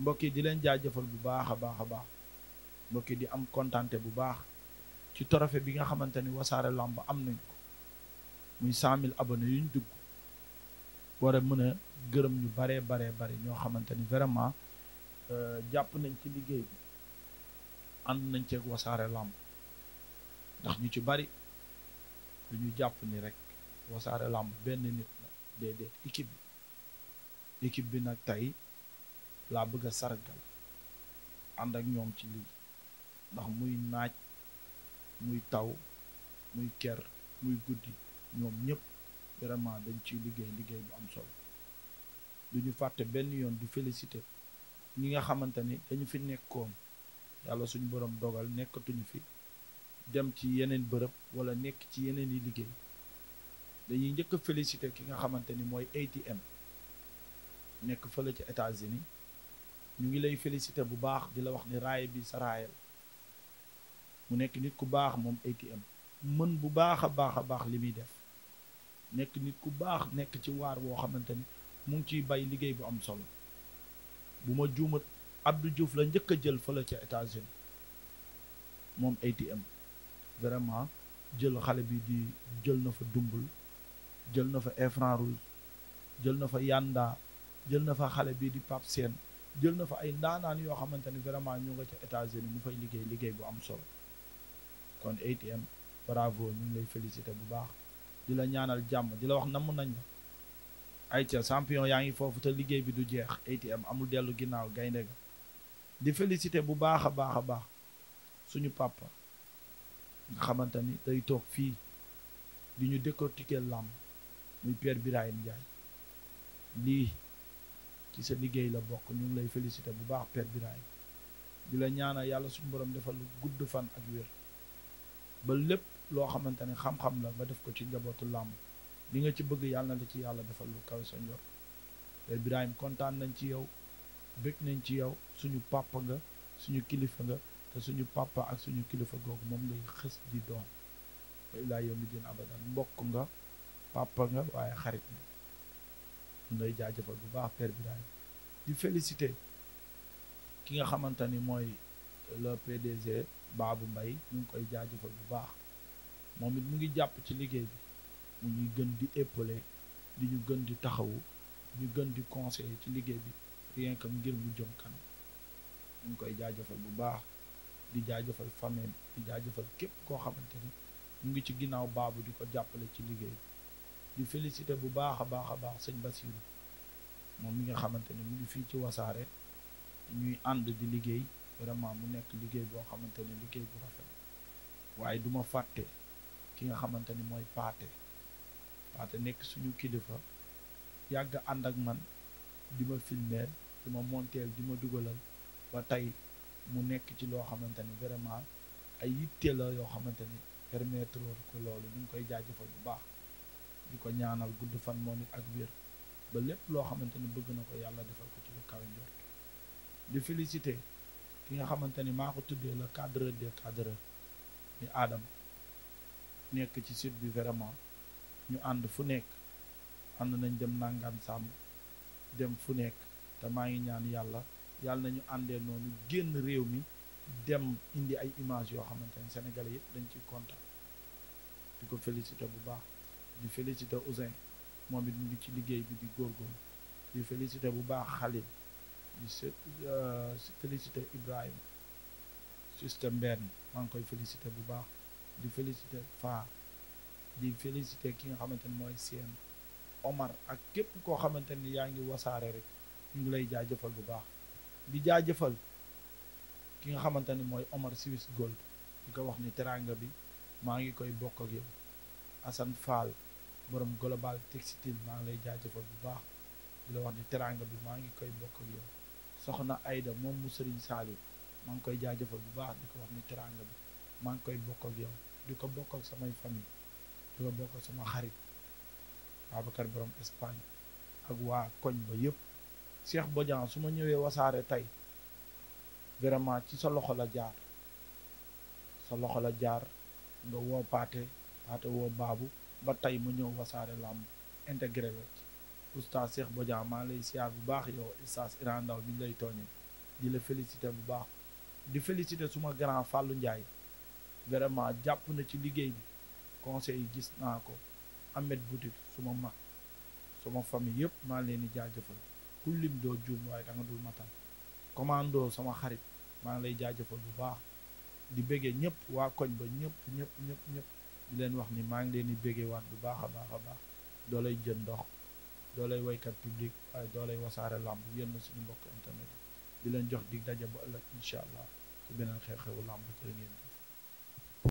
mbokk yi di leen jëfal bu baax a baax a baax mbokk di am kontante bu baax ci trophée bi nga xamante ni wasaare lamb am nañ ko muy cent mille abonnés yuñ dugg wara a mën a gërëm ñu baree baree bare ñoo xamante ni vraiment euh, jàpp nañ ci liggéey bi ànd nañ ceeg wasaare lamb ndax ñu ci bari du ñu jàpp ni rek wasaare lamb benn nit la déedéet équipe bi équipe bi nag tey laa bëgg a sargal ànd ak ñoom ci lii ndax muy naaj muy taw muy ker muy guddi ñoom ñëpp vraiment dañ ciy liggéey liggéey bu am sol solo ñu fàtte benn yoon du félicité ñi nga xamante ni dañu fi nekkoon yàlla suñu borom dogal nekkatuñu fi dem ci yeneen bërëb wala nekk ci yeneen yi liggéey dañuy njëkk a ki nga xamante ni mooy ATM nekk fële ci États-Unis ñu ngi lay félicité bu baax di la wax ni raay bi sa raayal mu nekk nit ku baax moom ATM mën bu baax a baax a baax li muy def nekk nit ku baax nekk ci waar woo xamante ni mu ngi ciy bay liggéey bu am solo bu ma juumat abdu Diouf la njëkk a jël fële ca États-Unis moom ATM vraiment jël xale bi di jël na fa dumbul jël na fa Efran Rouge jël na fa Yanda jël na fa xale bi di Pape seen jël na fa ay ndaanaan yoo xamante ne vraiment ñu nga ca États-Unis mu fay liggéey liggéey bu am sol kon ATM bravo ñu ngi lay félicité bu baax di la ñaanal jàmm di la wax namm nañ la ay ca champion yaa ngi foofu te liggéey bi du jeex ATM amul dellu ginnaaw gaynde ga di félicité bu baax a baax a baax suñu papa nga xamante ni day toog fii di ñu décortiquer làmb muy Père Birahim Ndiaye lii ci sa liggéey la bokk ñu ngi lay félicité bu baax per Birahim di la ñaana yàlla suñ borom defal lu gudd fan ak wér ba lépp loo xamante ne xam-xam la nga def ko ci njabootu làmb li nga ci bëgg yàlla na la ci yàlla defal lu kaw sa njor Père Birahim kontaan nañ ci yow bég nañ ci yow suñu papa nga suñu kilifa nga te suñu papa ak suñu kilifa googu moom ngay xës di doon ba ilaa yow mi dina abadan mbokk nga papa nga waaye xarit nga ñu jaajëfal bu baax Père Birahim di félicité ki nga xamante ni mooy le PDG Babou Mbaye ñu ngi koy jaajëfal bu baax moom mu ngi jàpp ci liggéey bi mu ngi gën di épauler di ñu gën di taxawu ñu gën di conseiller ci liggéey bi rien que ngir mu jëm kanam ñu ngi koy jaajëfal bu baax di jaajëfal famille bi di jaajëfal képp koo xamante ni mu ngi ci ginnaaw baabu di ko jàppale ci liggéey di félicité bu baax a baax a baax sëñ Basiru moom mi nga xamante ne mu ngi fii ci wasaare ñuy ànd di liggéey vraiment mu nekk liggéey boo xamante ne liggéey bu rafet waaye duma fàtte ki nga xamante ni mooy paate paate nekk suñu kilifa yàgg ànd ak man di ma filmeel di monteel di ma dugalal ba tey mu nekk ci loo xamante ni vraiment ay yitte la yoo xamante ni permettre ko loolu ñu ngi koy jaajëfal bu baax di ko ñaanal gudd fan moom it ak wér ba lépp loo xamante ni bëgg na ko yàlla defal ko ci lu kawe njort di félicité ki nga xamante ni maa ko tuddee le cadre des cadres ni aadam nekk ci site bi vraiment ñu ànd fu nekk ànd nañ dem nangaan sàmm dem fu nekk te maa ngi ñaan yàlla yàlla nañu àndee noonu génn réew mi dem indi ay image yoo xamante ni sénégalais dañ ciy kontaan di ko félicité bu baax di félicité Ousin moom it mu ngi ci liggéey bi di góorgóorlu di félicité bu baax Khalil di euh, félicité Ibrahima système mbenn maa ngi koy félicité bu baax di félicité Fa di félicité ki nga xamante ni mooy seen Omar ak képp koo xamante ni yaa ngi wasaare rek ñu ngi lay jaajëfal bu baax di jaajëfal ki nga xamante ni mooy Omar Swiss Gold di ko wax ni teraanga bi maa ngi koy bokk ak yow Assane Fall boroom global textile maa ngi lay jaajëfal bu baax di la wax ni teraanga bi maa ngi koy bokk ak yow soxna Aida moom mu Serigne saali maa ngi koy jaajëfal bu baax di ko wax ni teraanga bi maa ngi koy bokk yow di ko bokk samay famille di ko bokk sama xarit Babacar borom Espagne ak waa koñ ba yëpp Cheikh Bodian su ma ñëwee wasaare tey vraiment ci sa loxo la jaar sa loxo la jaar nga woopaate ate woo baabu ba tey ma ñëw wasaare làmb intégré la ci oustaz Cheikh Bodian maa lay siyaar bu baax yow oustaz Iran Ndaw mi ñu lay tooñee di la félicité bu baax di félicité suma grand Fallou Ndiaye vraiment jàpp na ci liggéey bi conseil gis naa ko Ahmed Boutik suma mag suma famille yëpp maa leen di jaajëfal ku lim doo juum waaye da dul matal commando sama xarit maa ngi lay jaajëfal bu baax di bëggee ñëpp waa koñ ba ñëpp ñëpp ñëpp ñëpp di leen wax ni maa ngi leen di béggewaat bu baax a baax a baax doolay jën ndox doolay waykat public waaye doolay wasaare làmb yéen na suñu mbokk internet yi di leen jox dig daje ba ëllëg incha allah ci beneen xew-xewu làmb jërë ngeen